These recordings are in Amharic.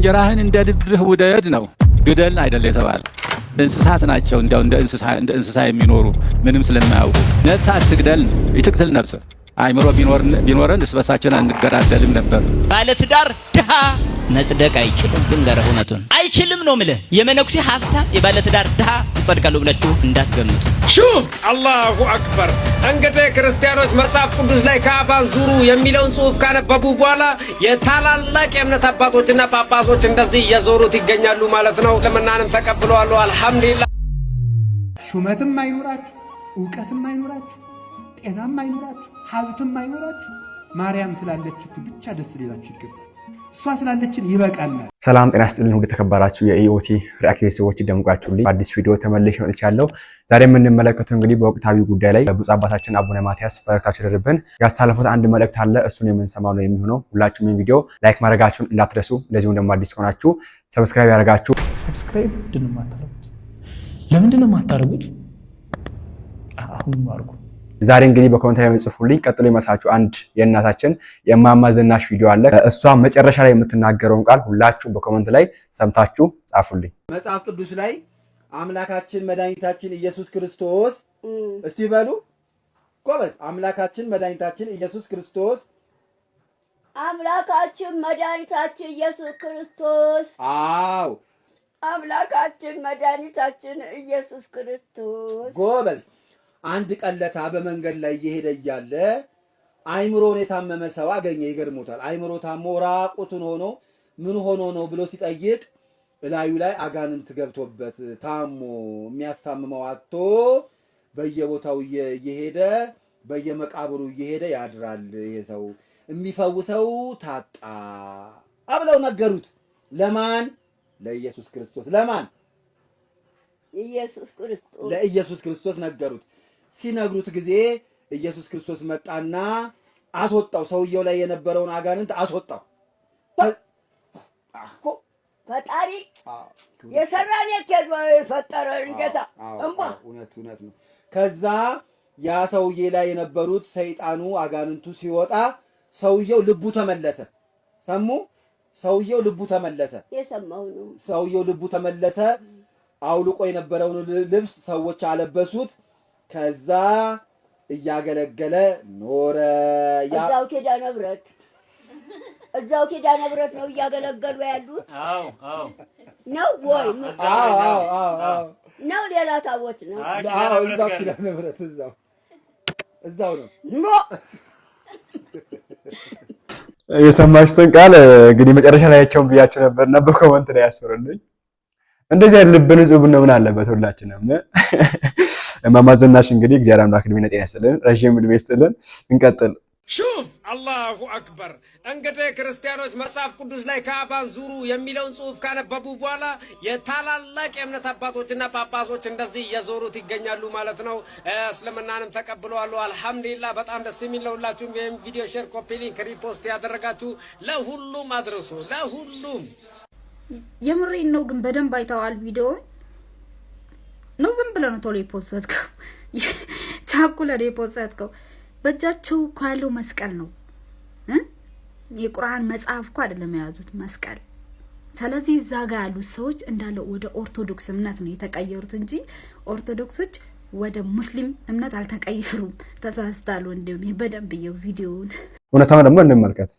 እንጀራህን እንደ ልብህ ውደድ ነው። ግደል አይደል የተባለ እንስሳት ናቸው። እንዲያው እንደ እንስሳ የሚኖሩ ምንም ስለማያውቁ ነፍስ አትግደል፣ ይትቅትል ነፍስ አይምሮ ቢኖረን እርስ አንገዳደልም ነበር። ባለትዳር ድሃ መጽደቅ አይችልም። ልንገርህ እውነቱን አይችልም ነው ምልህ። የመነኩሴ ሀብታም፣ የባለትዳር ድሃ ይጸድቃሉ ብላችሁ እንዳትገምቱ። ሹ አላሁ አክበር። እንግዲህ ክርስቲያኖች መጽሐፍ ቅዱስ ላይ ከአባን ዙሩ የሚለውን ጽሑፍ ካነበቡ በኋላ የታላላቅ የእምነት አባቶችና ጳጳሶች እንደዚህ እየዞሩት ይገኛሉ ማለት ነው። ለምናንም ተቀብለዋሉ። አልሐምዱሊላህ። ሹመትም አይኖራችሁ፣ እውቀትም አይኖራችሁ ጤናም አይኖራችሁ፣ ሀብትም አይኖራችሁ። ማርያም ስላለችሁ ብቻ ደስ ሌላችሁ ይገባል። እሷ ስላለችን ይበቃል። ሰላም ጤና ስጥልን። ሁሉ የተከበራችሁ የኢኦቲ ሪአክት ቤተሰቦች ደምቃችሁልኝ በአዲስ ቪዲዮ ተመልሼ መጥቻለሁ። ዛሬ የምንመለከተው እንግዲህ በወቅታዊ ጉዳይ ላይ ብፁዕ አባታችን አቡነ ማትያስ መልእክታቸው ደርብን ያስተላለፉት አንድ መልእክት አለ። እሱን የምንሰማው ነው የሚሆነው። ሁላችሁም ይህን ቪዲዮ ላይክ ማድረጋችሁን እንዳትረሱ። እንደዚሁም ደግሞ አዲስ ከሆናችሁ ሰብስክራይብ ያደርጋችሁ። ሰብስክራይብ ምንድን ነው የማታደርጉት? ለምንድን ነው የማታደርጉት? አሁን አድርጉ ዛሬ እንግዲህ በኮሜንት ላይ ጽፉልኝ። ቀጥሎ የመሳችሁ አንድ የእናታችን የእማማ ዝናሽ ቪዲዮ አለ። እሷ መጨረሻ ላይ የምትናገረውን ቃል ሁላችሁም በኮሜንት ላይ ሰምታችሁ ጻፉልኝ። መጽሐፍ ቅዱስ ላይ አምላካችን መድኃኒታችን ኢየሱስ ክርስቶስ እስቲ በሉ ጎበዝ። አምላካችን መድኃኒታችን ኢየሱስ ክርስቶስ አምላካችን መድኃኒታችን ኢየሱስ ክርስቶስ አው አምላካችን መድኃኒታችን ኢየሱስ ክርስቶስ ጎበዝ አንድ ቀለታ በመንገድ ላይ እየሄደ እያለ አይምሮን የታመመ ሰው አገኘ። ይገርሞታል። አይምሮ ታሞ ራቁቱን ሆኖ ምን ሆኖ ነው ብሎ ሲጠይቅ እላዩ ላይ አጋንንት ገብቶበት ታሞ የሚያስታምመው አቶ በየቦታው እየሄደ በየመቃብሩ እየሄደ ያድራል። ይሄ ሰው የሚፈውሰው ታጣ አብለው ነገሩት። ለማን? ለኢየሱስ ክርስቶስ። ለማን? ለኢየሱስ ክርስቶስ ነገሩት። ሲነግሩት ጊዜ ኢየሱስ ክርስቶስ መጣና አስወጣው። ሰውየው ላይ የነበረውን አጋንንት አስወጣው። ፈጣሪ የሰራን የፈጠረ እንጌታ እውነት እውነት ነው። ከዛ ያ ሰውዬ ላይ የነበሩት ሰይጣኑ አጋንንቱ ሲወጣ ሰውየው ልቡ ተመለሰ። ሰሙ ሰውየው ልቡ ተመለሰ። የሰማው ሰውየው ልቡ ተመለሰ። አውልቆ የነበረውን ልብስ ሰዎች አለበሱት። ከዛ እያገለገለ ኖረ። እዛው ኪዳነ ምህረት እዛው ኪዳነ ምህረት ነው እያገለገሉ ያሉት ነው ወይ ነው ሌላ ታቦት ነው? እዛው ኪዳነ ምህረት እዛው እዛው ነው። የሰማችሁትን ቃል እንግዲህ መጨረሻ ላያቸውን ብያችሁ ነበር ነበር ኮመንት ላይ ያስሩልኝ እንደዚህ አይነት ልብ ንጹህ ብንሆን ምን አለበት? ሁላችንም እማማ ዝናሽ እንግዲህ እግዚአብሔር አምላክ ዕድሜና ጤና ይስጥልን፣ ረዥም ዕድሜ ይስጥልን። እንቀጥል። ሹፍ አላሁ አክበር። እንግዲህ ክርስቲያኖች መጽሐፍ ቅዱስ ላይ ካዕባን ዙሩ የሚለውን ጽሑፍ ካነበቡ በኋላ የታላላቅ የእምነት አባቶችና ጳጳሶች እንደዚህ እየዞሩት ይገኛሉ ማለት ነው። እስልምናንም ተቀብለዋሉ። አልሐምዱሊላህ በጣም ደስ የሚል ነው። ሁላችሁም ይህም ቪዲዮ ሼር፣ ኮፒ ሊንክ፣ ሪፖስት ያደረጋችሁ ለሁሉም አድርሱ፣ ለሁሉም የምሬን ነው ግን በደንብ አይተዋል ቪዲዮውን ነው ዝም ብለህ ነው ቶሎ የፖሰትከው ቻኩለ ነው የፖሰትከው በእጃቸው እኮ ያለው መስቀል ነው የቁርአን መጽሐፍ እኮ አይደለም የያዙት መስቀል ስለዚህ እዛ ጋር ያሉት ሰዎች እንዳለው ወደ ኦርቶዶክስ እምነት ነው የተቀየሩት እንጂ ኦርቶዶክሶች ወደ ሙስሊም እምነት አልተቀየሩም ተሳስታሉ እንዲሁም በደንብ የው ቪዲዮውን እውነታውን ደግሞ እንመልከት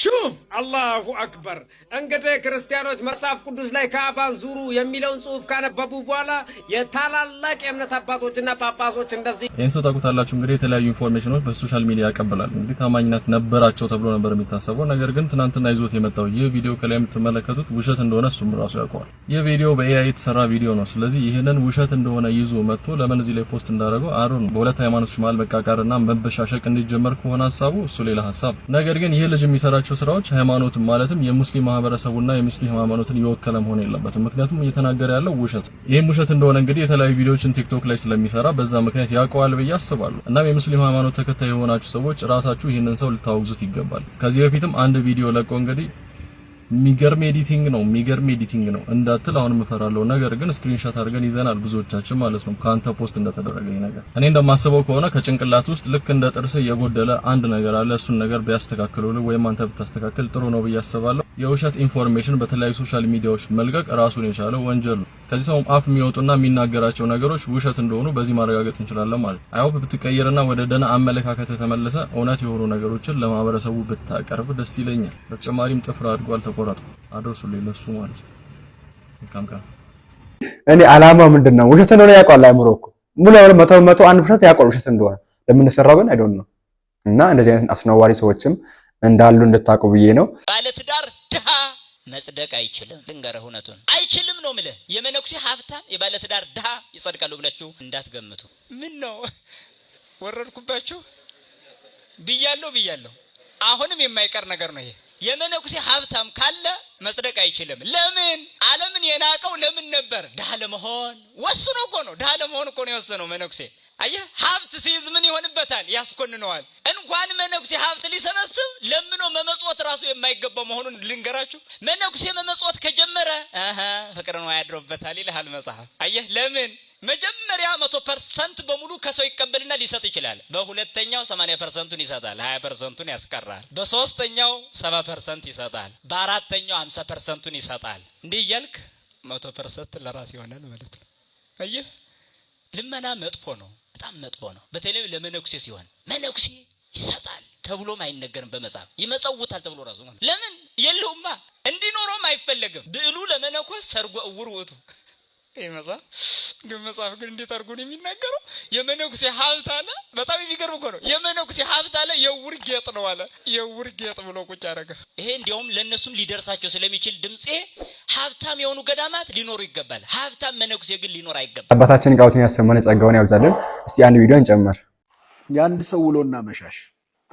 ሹፍ አላሁ አክበር። እንግዲህ ክርስቲያኖች መጽሐፍ ቅዱስ ላይ ካዕባን ዙሩ የሚለውን ጽሑፍ ካነበቡ በኋላ የታላላቅ የእምነት አባቶችና ጳጳሶች እንደዚህ ይህን ሰው ታውቁታላችሁ። እንግዲህ የተለያዩ ኢንፎርሜሽኖች በሶሻል ሚዲያ ያቀብላል። እንግዲህ ታማኝነት ነበራቸው ተብሎ ነበር የሚታሰበው። ነገር ግን ትናንትና ይዞት የመጣው ይህ ቪዲዮ ከላይ የምትመለከቱት ውሸት እንደሆነ እሱም ራሱ ያውቀዋል። ይህ ቪዲዮ በኤአይ የተሰራ ቪዲዮ ነው። ስለዚህ ይህንን ውሸት እንደሆነ ይዞ መጥቶ ለምን እዚህ ላይ ፖስት እንዳደረገው አሮን በሁለት ሃይማኖቶች መሀል መቃቃርና መበሻሸቅ እንዲጀመር ከሆነ ሀሳቡ እሱ ሌላ ሀሳብ ነገር ግን ይህ ልጅ የሚሰራቸው የሚሰራቸው ስራዎች ሃይማኖትን ማለትም የሙስሊም ማህበረሰቡና የሙስሊም ሃይማኖትን የወከለ መሆን የለበትም። ምክንያቱም እየተናገረ ያለው ውሸት ይህም ውሸት እንደሆነ እንግዲህ የተለያዩ ቪዲዮዎችን ቲክቶክ ላይ ስለሚሰራ በዛ ምክንያት ያውቀዋል ብዬ አስባለሁ። እናም የሙስሊም ሃይማኖት ተከታይ የሆናችሁ ሰዎች ራሳችሁ ይህንን ሰው ልታወግዙት ይገባል። ከዚህ በፊትም አንድ ቪዲዮ ለቆ እንግዲህ የሚገርም ኤዲቲንግ ነው የሚገርም ኤዲቲንግ ነው እንዳትል አሁን እፈራለሁ። ነገር ግን ስክሪንሾት አድርገን ይዘናል ብዙዎቻችን ማለት ነው። ከአንተ ፖስት እንደተደረገ ነገር እኔ እንደማስበው ከሆነ ከጭንቅላት ውስጥ ልክ እንደ ጥርስ የጎደለ አንድ ነገር አለ። እሱን ነገር ቢያስተካክሉልህ ወይም አንተ ብታስተካክል ጥሩ ነው ብዬ አስባለሁ። የውሸት ኢንፎርሜሽን በተለያዩ ሶሻል ሚዲያዎች መልቀቅ ራሱን የቻለ ወንጀል ነው። ከዚህ ሰው አፍ የሚወጡና የሚናገራቸው ነገሮች ውሸት እንደሆኑ በዚህ ማረጋገጥ እንችላለን ማለት ነው። አይሆፕ ብትቀየርና ወደ ደህና አመለካከት የተመለሰ እውነት የሆኑ ነገሮችን ለማህበረሰቡ ብታቀርብ ደስ ይለኛል። በተጨማሪም ጥፍር አድጓል ተቆራጡ አድርሱልኝ ለሱ ማለት ነው። እኔ አላማው ምንድን ነው? ውሸት እንደሆነ ያውቋል አይምሮ እኮ ሙሉ መቶ መቶ አንድ ፐርሰንት ያቋል ውሸት እንደሆነ። ለምን እንደሰራው ግን አይዶን ነው። እና እንደዚህ አይነት አስነዋሪ ሰዎችም እንዳሉ እንድታውቁ ብዬ ነው ባለትዳር ድሃ መጽደቅ አይችልም። ልንገርህ እውነቱን አይችልም ነው ምልህ። የመነኩሴ ሀብታም፣ የባለትዳር ድሃ ይጸድቃሉ ብላችሁ እንዳትገምቱ። ምን ነው ወረድኩባችሁ? ብያለሁ ብያለሁ። አሁንም የማይቀር ነገር ነው ይሄ። የመነኩሴ ሀብታም ካለ መጽደቅ አይችልም። ለምን? ዓለምን የናቀው ለምን ነበር? ድሃ ለመሆን ወስኖ እኮ ነው። ድሃ ለመሆን እኮ ነው የወሰነው መነኩሴ። አየህ፣ ሀብት ሲይዝ ምን ይሆንበታል? ያስኮንነዋል። እንኳን መነኩሴ ሀብት ሊሰበስብ ለምኖ መመጽወት ራሱ የማይገባ መሆኑን ልንገራችሁ። መነኩሴ መመጽወት ከጀመረ ነው ያድሮበታል ይልሃል መጽሐፍ። አየህ ለምን መጀመሪያ መቶ ፐርሰንት በሙሉ ከሰው ይቀበልና ሊሰጥ ይችላል። በሁለተኛው ሰማንያ ፐርሰንቱን ይሰጣል፣ ሀያ ፐርሰንቱን ያስቀራል። በሶስተኛው ሰባ ፐርሰንት ይሰጣል፣ በአራተኛው ሀምሳ ፐርሰንቱን ይሰጣል። እንዲህ እያልክ መቶ ፐርሰንት ለራስ ይሆናል ማለት ነው። አየህ ልመና መጥፎ ነው፣ በጣም መጥፎ ነው። በተለይ ለመነኩሴ ሲሆን መነኩሴ ይሰጣል ተብሎም አይነገርም በመጽሐፍ ይመጸውታል ተብሎ ራሱ ማለት ለምን የለውማ እንዲኖረውም አይፈለግም ብዕሉ ለመነኮስ ሰርጎ እውር ውእቱ ይህ መጽሐፍ ግን መጽሐፍ ግን እንዴት አድርጎ ነው የሚናገረው? የመነኩሴ ሀብት አለ። በጣም የሚገርም እኮ ነው። የመነኩሴ ሀብት አለ የውር ጌጥ ነው አለ። የውር ጌጥ ብሎ ቁጭ አደረገ። ይሄ እንዲያውም ለእነሱም ሊደርሳቸው ስለሚችል ድምፄ ሀብታም የሆኑ ገዳማት ሊኖሩ ይገባል። ሀብታም መነኩሴ ግን ሊኖር አይገባል። አባታችን ቃውትን ያሰማን የጸጋውን ያብዛልን። እስቲ አንድ ቪዲዮ እንጨምር። የአንድ ሰው ውሎና መሻሽ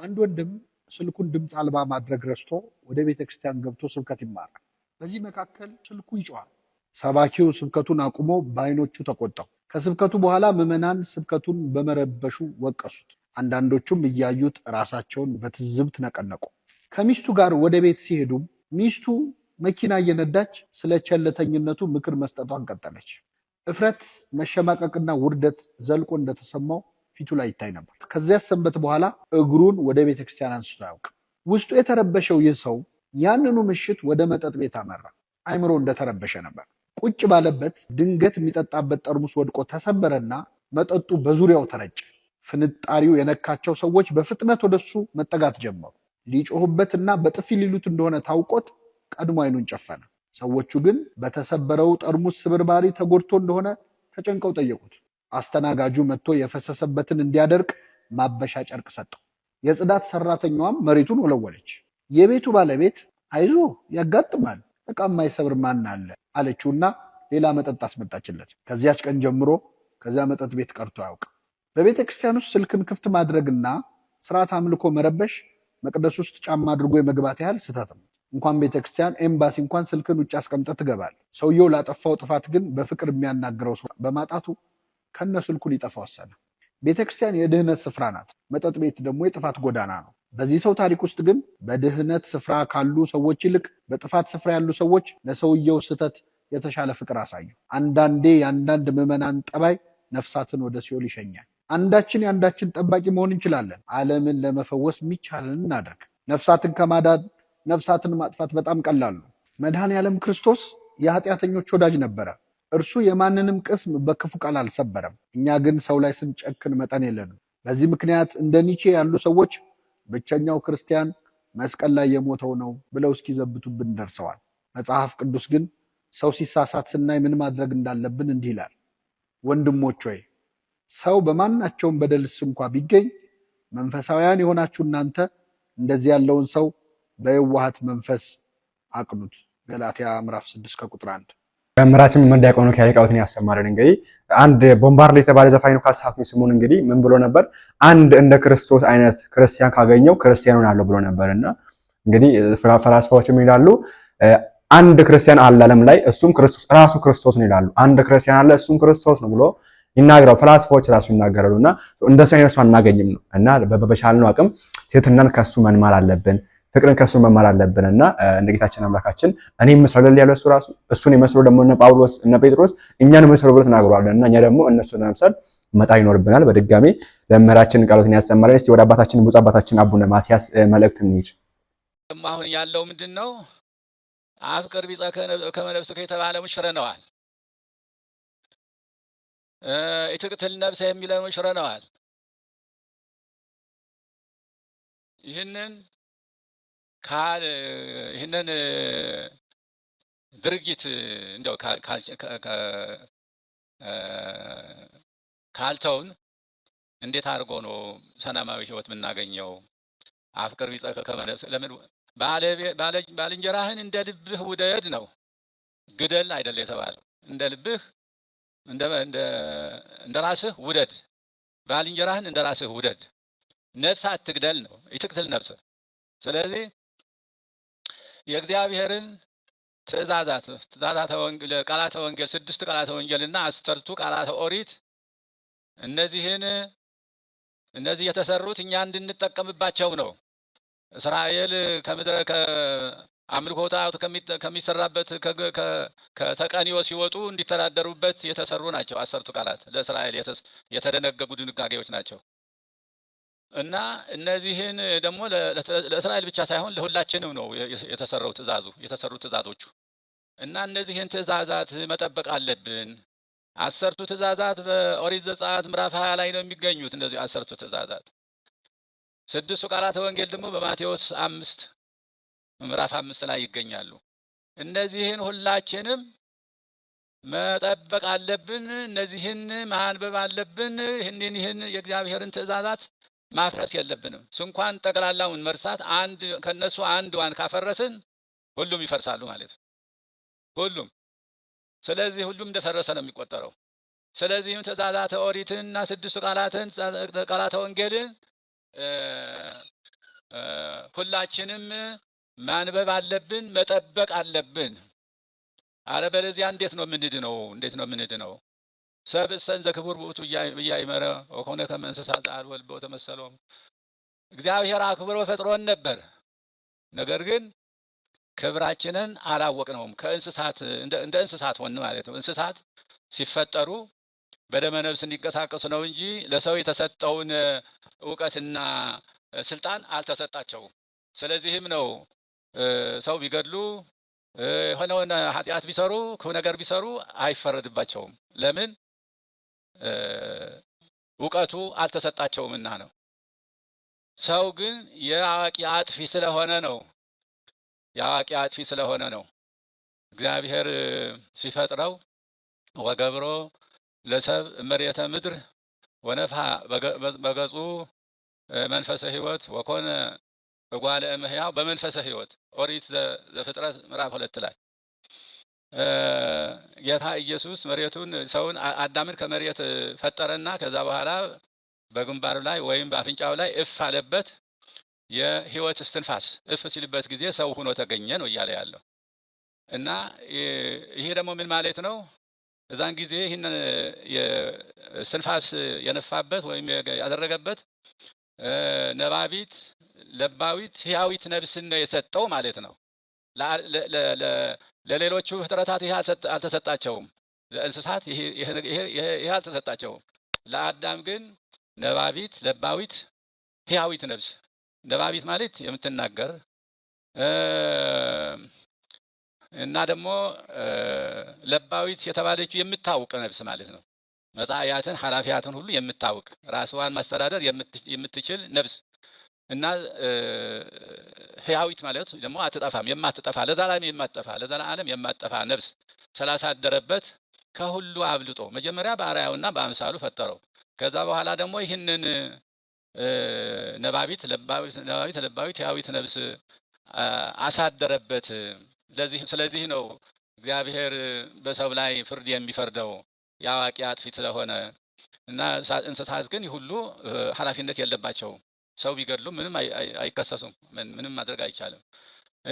አንድ ወንድም ስልኩን ድምፅ አልባ ማድረግ ረስቶ ወደ ቤተክርስቲያን ገብቶ ስብከት ይማራል። በዚህ መካከል ስልኩ ይጮሃል። ሰባኪው ስብከቱን አቁሞ በአይኖቹ ተቆጣው። ከስብከቱ በኋላ ምዕመናን ስብከቱን በመረበሹ ወቀሱት። አንዳንዶቹም እያዩት ራሳቸውን በትዝብት ነቀነቁ። ከሚስቱ ጋር ወደ ቤት ሲሄዱም ሚስቱ መኪና እየነዳች ስለ ቸለተኝነቱ ምክር መስጠቷን ቀጠለች። እፍረት፣ መሸማቀቅና ውርደት ዘልቆ እንደተሰማው ፊቱ ላይ ይታይ ነበር። ከዚያ ሰንበት በኋላ እግሩን ወደ ቤተ ክርስቲያን አንስቶ አያውቅም። ውስጡ የተረበሸው ይህ ሰው ያንኑ ምሽት ወደ መጠጥ ቤት አመራ። አይምሮ እንደተረበሸ ነበር። ቁጭ ባለበት ድንገት የሚጠጣበት ጠርሙስ ወድቆ ተሰበረና መጠጡ በዙሪያው ተረጨ። ፍንጣሪው የነካቸው ሰዎች በፍጥነት ወደሱ መጠጋት ጀመሩ። ሊጮሁበትና በጥፊ ሊሉት እንደሆነ ታውቆት ቀድሞ አይኑን ጨፈነ። ሰዎቹ ግን በተሰበረው ጠርሙስ ስብርባሪ ተጎድቶ እንደሆነ ተጨንቀው ጠየቁት። አስተናጋጁ መጥቶ የፈሰሰበትን እንዲያደርቅ ማበሻ ጨርቅ ሰጠው። የጽዳት ሰራተኛዋም መሬቱን ወለወለች። የቤቱ ባለቤት አይዞ ያጋጥማል ዕቃ የማይሰብር ማን አለ አለችውና ሌላ መጠጥ አስመጣችለት። ከዚያች ቀን ጀምሮ ከዚያ መጠጥ ቤት ቀርቶ ያውቅ። በቤተ ክርስቲያን ውስጥ ስልክን ክፍት ማድረግና ስርዓት አምልኮ መረበሽ መቅደስ ውስጥ ጫማ አድርጎ የመግባት ያህል ስህተት ነው። እንኳን ቤተ ክርስቲያን ኤምባሲ እንኳን ስልክን ውጭ አስቀምጠ ትገባል። ሰውየው ላጠፋው ጥፋት ግን በፍቅር የሚያናግረው ሰው በማጣቱ ከነ ስልኩ ሊጠፋ ወሰነ። ቤተ ክርስቲያን የድህነት ስፍራ ናት፣ መጠጥ ቤት ደግሞ የጥፋት ጎዳና ነው። በዚህ ሰው ታሪክ ውስጥ ግን በድህነት ስፍራ ካሉ ሰዎች ይልቅ በጥፋት ስፍራ ያሉ ሰዎች ለሰውየው ስህተት የተሻለ ፍቅር አሳዩ። አንዳንዴ የአንዳንድ ምዕመናን ጠባይ ነፍሳትን ወደ ሲኦል ይሸኛል። አንዳችን የአንዳችን ጠባቂ መሆን እንችላለን። ዓለምን ለመፈወስ የሚቻለን እናደርግ። ነፍሳትን ከማዳን ነፍሳትን ማጥፋት በጣም ቀላሉ። መድኃኔ ያለም ክርስቶስ የኃጢአተኞች ወዳጅ ነበረ። እርሱ የማንንም ቅስም በክፉ ቃል አልሰበረም። እኛ ግን ሰው ላይ ስንጨክን መጠን የለንም። በዚህ ምክንያት እንደ ኒቼ ያሉ ሰዎች ብቸኛው ክርስቲያን መስቀል ላይ የሞተው ነው ብለው እስኪዘብቱብን ደርሰዋል። መጽሐፍ ቅዱስ ግን ሰው ሲሳሳት ስናይ ምን ማድረግ እንዳለብን እንዲህ ይላል፣ ወንድሞች ሆይ ሰው በማናቸውም በደልስ እንኳ ቢገኝ መንፈሳውያን የሆናችሁ እናንተ እንደዚህ ያለውን ሰው በየዋሃት መንፈስ አቅኑት። ገላትያ ምዕራፍ 6 ከቁጥር 1 መምህራችን መምህር ዲያቆኑ ያቃውትን ያሰማልን። እንግዲህ አንድ ቦምባርድ የተባለ ዘፋኝ ነው ካልሳት ስሙን እንግዲህ ምን ብሎ ነበር? አንድ እንደ ክርስቶስ አይነት ክርስቲያን ካገኘው ክርስቲያን ሆናለሁ ብሎ ነበር። እና እንግዲህ ፈላስፋዎች ምን ይላሉ? አንድ ክርስቲያን አለ ዓለም ላይ እሱም ክርስቶስ ራሱ ክርስቶስ ነው ይላሉ። አንድ ክርስቲያን አለ እሱም ክርስቶስ ነው ብሎ ይናገራሉ። ፈላስፋዎች ራሱ ይናገራሉ። እና እንደሱ አይነት ሰው አናገኝም ነው እና በበቻልነው አቅም ትህትናን ከሱ መንማር አለብን። ፍቅርን ከእሱ መማር አለብን እና እንደ ጌታችን አምላካችን እኔ መስላለል ያለ እሱ ራሱ እሱን የመስሎ ደግሞ እነ ጳውሎስ እነ ጴጥሮስ እኛን መስሎ ብሎ ተናግረዋል እና እኛ ደግሞ እነሱን ለመምሰል መጣር ይኖርብናል። በድጋሚ ለመምህራችን ቃሎትን ያሰማልን። እስቲ ወደ አባታችን ብፁዕ አባታችን አቡነ ማትያስ መልእክት እንሂድ። አሁን ያለው ምንድን ነው? አፍቅር ቢጸ ከመ ነፍስከ የተባለ ሽረነዋል። ኢትቅትል ነፍሰ የሚለው ሽረነዋል። ይህንን ካል ይህንን ድርጊት እንደው ካልተውን እንዴት አድርጎ ነው ሰላማዊ ህይወት የምናገኘው? አፍቅር ቢጸከ ከመነፍስህ ለምን ባልንጀራህን እንደ ልብህ ውደድ ነው። ግደል አይደለ የተባለው እንደ ልብህ እንደ ራስህ ውደድ፣ ባልንጀራህን እንደ ራስህ ውደድ። ነፍስ አትግደል ነው፣ ይትቅትል ነፍስ። ስለዚህ የእግዚአብሔርን ትእዛዛት ትእዛዛተ ወንጌል ቃላተ ወንጌል ስድስት ቃላተ ወንጌልና አስርቱ ቃላተ ኦሪት እነዚህን እነዚህ የተሰሩት እኛ እንድንጠቀምባቸው ነው። እስራኤል ከምድረ ከአምልኮ ጣዖት ከሚሰራበት ከተቀኒዮ ሲወጡ እንዲተዳደሩበት የተሰሩ ናቸው። አሰርቱ ቃላት ለእስራኤል የተደነገጉ ድንጋጌዎች ናቸው። እና እነዚህን ደግሞ ለእስራኤል ብቻ ሳይሆን ለሁላችንም ነው የተሰራው ትእዛዙ የተሰሩ ትእዛዞቹ እና እነዚህን ትእዛዛት መጠበቅ አለብን። አሰርቱ ትእዛዛት በኦሪት ዘጸአት ምዕራፍ ሀያ ላይ ነው የሚገኙት። እነዚህ አሰርቱ ትእዛዛት ስድስቱ ቃላተ ወንጌል ደግሞ በማቴዎስ አምስት ምዕራፍ አምስት ላይ ይገኛሉ። እነዚህን ሁላችንም መጠበቅ አለብን። እነዚህን ማንበብ አለብን። ይህንን ይህን የእግዚአብሔርን ትእዛዛት ማፍረስ የለብንም። ስንኳን ጠቅላላውን መርሳት አንድ ከነሱ አንዷን ካፈረስን ሁሉም ይፈርሳሉ ማለት ነው። ሁሉም ስለዚህ ሁሉም እንደፈረሰ ነው የሚቆጠረው። ስለዚህም ትእዛዛተ ኦሪትንና ስድስቱ ቃላትን ቃላተ ወንጌልን ሁላችንም ማንበብ አለብን፣ መጠበቅ አለብን። አለበለዚያ እንዴት ነው የምንድነው? እንዴት ነው የምንድነው? ሰብእሰን ዘክቡር ውእቱ ብያይመረ ኮነ ከመ እንስሳ ዘአልቦ ልበ ተመሰሎም። እግዚአብሔር አክብሮ ፈጥሮን ነበር። ነገር ግን ክብራችንን አላወቅነውም። ከእንስሳት እንደ እንስሳት ሆን ማለት ነው። እንስሳት ሲፈጠሩ በደመ እንዲንቀሳቀሱ ነው እንጂ ለሰው የተሰጠውን እውቀትና ስልጣን አልተሰጣቸውም። ስለዚህም ነው ሰው ቢገድሉ የሆነውን ኃጢአት ቢሰሩ ክፉ ነገር ቢሰሩ አይፈረድባቸውም። ለምን? እውቀቱ አልተሰጣቸውምና ነው። ሰው ግን የአዋቂ አጥፊ ስለሆነ ነው። የአዋቂ አጥፊ ስለሆነ ነው። እግዚአብሔር ሲፈጥረው ወገብሮ ለሰብ መሬተ ምድር ወነፍሐ በገጹ መንፈሰ ሕይወት ወኮነ እጓለ እመሕያው በመንፈሰ ሕይወት ኦሪት ዘፍጥረት ምዕራፍ ሁለት ላይ ጌታ ኢየሱስ መሬቱን ሰውን አዳምን ከመሬት ፈጠረና ከዛ በኋላ በግንባሩ ላይ ወይም በአፍንጫው ላይ እፍ አለበት። የህይወት እስትንፋስ እፍ ሲልበት ጊዜ ሰው ሁኖ ተገኘ ነው እያለ ያለው እና ይሄ ደግሞ ምን ማለት ነው? እዛን ጊዜ ይህን ስንፋስ የነፋበት ወይም ያደረገበት ነባቢት ለባዊት ህያዊት ነብስን ነው የሰጠው ማለት ነው። ለሌሎቹ ፍጥረታት ይህ አልተሰጣቸውም። ለእንስሳት ይህ አልተሰጣቸውም። ለአዳም ግን ነባቢት፣ ለባዊት፣ ህያዊት ነብስ። ነባቢት ማለት የምትናገር እና ደግሞ ለባዊት የተባለችው የምታውቅ ነብስ ማለት ነው። መጽሐያትን ኃላፊያትን ሁሉ የምታውቅ ራስዋን ማስተዳደር የምትችል ነብስ እና ህያዊት ማለት ደግሞ አትጠፋም፣ የማትጠፋ ለዘላለም የማትጠፋ ለዘላለም የማትጠፋ ነፍስ ስላሳደረበት ከሁሉ አብልጦ መጀመሪያ በአርአያውና በአምሳሉ ፈጠረው። ከዛ በኋላ ደግሞ ይህንን ነባቢት ነባቢት ለባዊት ህያዊት ነፍስ አሳደረበት። ስለዚህ ነው እግዚአብሔር በሰው ላይ ፍርድ የሚፈርደው የአዋቂ አጥፊት ስለሆነ እና እንስሳት ግን ይህ ሁሉ ኃላፊነት የለባቸውም። ሰው ቢገድሉ ምንም አይከሰሱም፣ ምንም ማድረግ አይቻልም።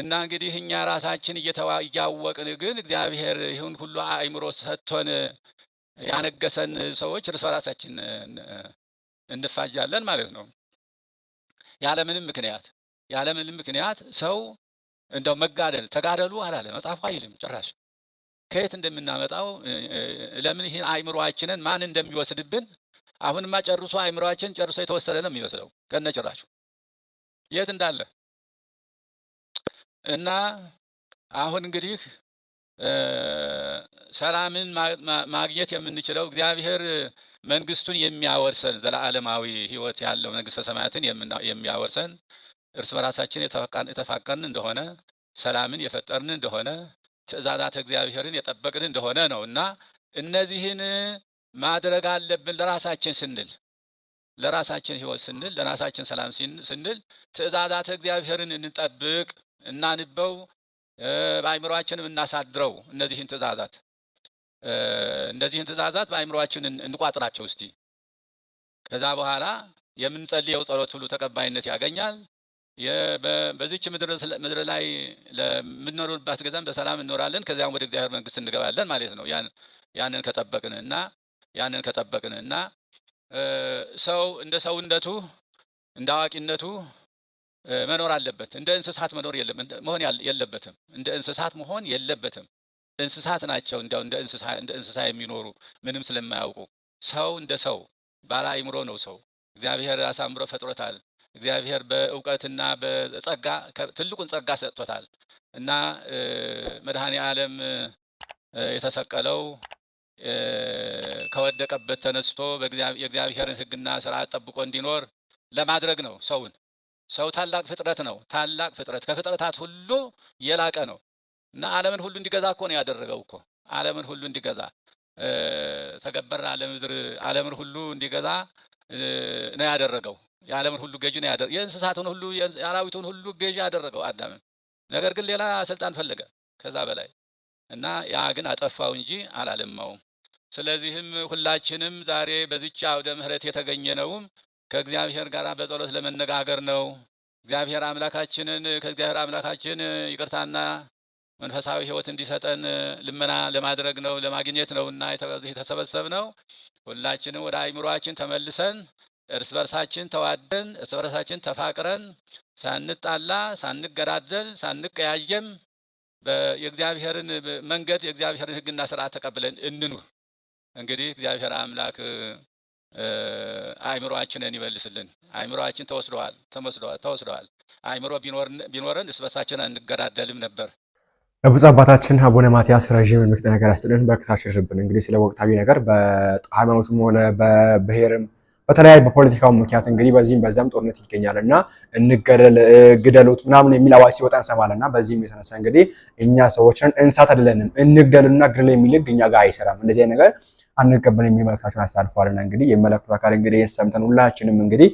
እና እንግዲህ እኛ ራሳችን እያወቅን ግን እግዚአብሔር ይሁን ሁሉ አእምሮ ሰጥቶን ያነገሰን ሰዎች እርስ በራሳችን እንፋጃለን ማለት ነው። ያለምንም ምክንያት ያለምንም ምክንያት ሰው እንደው መጋደል ተጋደሉ አላለ መጽሐፉ አይልም ጭራሽ። ከየት እንደምናመጣው ለምን ይህን አእምሮአችንን ማን እንደሚወስድብን አሁንማ ጨርሶ አይምሯችን ጨርሶ የተወሰደ ነው የሚመስለው ከነ የት እንዳለ እና አሁን እንግዲህ ሰላምን ማግኘት የምንችለው እግዚአብሔር መንግስቱን የሚያወርሰን ዘለዓለማዊ ህይወት ያለው መንግስተ ሰማያትን የሚያወርሰን እርስ በራሳችን የተፋቀርን እንደሆነ ሰላምን የፈጠርን እንደሆነ ትእዛዛት እግዚአብሔርን የጠበቅን እንደሆነ ነው እና እነዚህን ማድረግ አለብን ለራሳችን ስንል ለራሳችን ህይወት ስንል ለራሳችን ሰላም ስንል ትእዛዛት እግዚአብሔርን እንጠብቅ፣ እናንበው፣ በአይምሯችንም እናሳድረው። እነዚህን ትእዛዛት እነዚህን ትእዛዛት በአይምሯችን እንቋጥራቸው እስቲ። ከዛ በኋላ የምንጸልየው ጸሎት ሁሉ ተቀባይነት ያገኛል። በዚች ምድር ላይ ለምንኖርባት ገዛም በሰላም እንኖራለን። ከዚያም ወደ እግዚአብሔር መንግስት እንገባለን ማለት ነው። ያንን ከጠበቅን እና ያንን ከጠበቅን እና ሰው እንደ ሰውነቱ እንደ አዋቂነቱ መኖር አለበት። እንደ እንስሳት መኖር መሆን የለበትም። እንደ እንስሳት መሆን የለበትም። እንስሳት ናቸው እንዲያው እንደ እንስሳ የሚኖሩ ምንም ስለማያውቁ። ሰው እንደ ሰው ባለ አይምሮ ነው። ሰው እግዚአብሔር አሳምሮ ፈጥሮታል። እግዚአብሔር በእውቀትና በጸጋ ትልቁን ጸጋ ሰጥቶታል እና መድኃኔ ዓለም የተሰቀለው ከወደቀበት ተነስቶ የእግዚአብሔርን ሕግና ስርዓት ጠብቆ እንዲኖር ለማድረግ ነው። ሰውን ሰው ታላቅ ፍጥረት ነው። ታላቅ ፍጥረት ከፍጥረታት ሁሉ የላቀ ነው እና ዓለምን ሁሉ እንዲገዛ እኮ ነው ያደረገው እኮ ዓለምን ሁሉ እንዲገዛ ተገበረ ለምድር ዓለምን ሁሉ እንዲገዛ ነው ያደረገው። የዓለምን ሁሉ ገዥ ነው ያደረገው። የእንስሳትን ሁሉ የአራዊቱን ሁሉ ገዥ ያደረገው አዳምን። ነገር ግን ሌላ ስልጣን ፈለገ ከዛ በላይ እና ያ ግን አጠፋው እንጂ አላለማውም። ስለዚህም ሁላችንም ዛሬ በዚች አውደ ምሕረት የተገኘነውም ከእግዚአብሔር ጋር በጸሎት ለመነጋገር ነው። እግዚአብሔር አምላካችንን ከእግዚአብሔር አምላካችን ይቅርታና መንፈሳዊ ሕይወት እንዲሰጠን ልመና ለማድረግ ነው ለማግኘት ነውና ነው። ሁላችንም ወደ አእምሮአችን ተመልሰን እርስ በርሳችን ተዋደን እርስ በርሳችን ተፋቅረን ሳንጣላ፣ ሳንገዳደል፣ ሳንቀያየም የእግዚአብሔርን መንገድ የእግዚአብሔርን ሕግና ስርዓት ተቀብለን እንኑር። እንግዲህ እግዚአብሔር አምላክ አእምሮአችንን ይመልስልን። አእምሮአችን ተወስደዋል ተወስደዋል። አይምሮ ቢኖረን እስበሳችን አንገዳደልም ነበር። ብፁዕ አባታችን አቡነ ማትያስ ረዥም ምክት ነገር ያስጥልን በረከታቸው ይድረስብን። እንግዲህ ስለ ወቅታዊ ነገር በሃይማኖትም ሆነ በብሔርም በተለያዩ በፖለቲካው ምክንያት እንግዲህ በዚህም በዚያም ጦርነት ይገኛል እና እንገደል ግደሉት ምናምን የሚል አዋጅ ሲወጣ እንሰማለን እና በዚህም የተነሳ እንግዲህ እኛ ሰዎችን እንስሳት አይደለንም እንግደሉና ግደል የሚል ህግ እኛ ጋር አይሰራም። እንደዚህ ነገር አንቀበል የሚል መልእክታቸውን አስተላልፈዋልና እንግዲህ የመለክቱ አካል እንግዲህ የሰምተን ሁላችንም እንግዲህ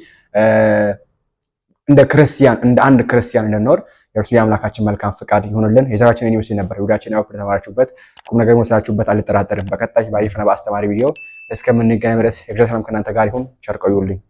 እንደ ክርስቲያን እንደ አንድ ክርስቲያን ልንኖር የእርሱ የአምላካችን መልካም ፍቃድ ይሆንልን። የዘራችን ኒውስ ነበር። ውዳችን ያው ተማራችሁበት፣ ቁም ነገር ወስዳችሁበት አልጠራጠርም። በቀጣይ በአሪፍና በአስተማሪ ቪዲዮ እስከምንገናኝ ድረስ የእግዚአብሔር ሰላም ከእናንተ ጋር ይሁን። ቸር ቆዩልኝ።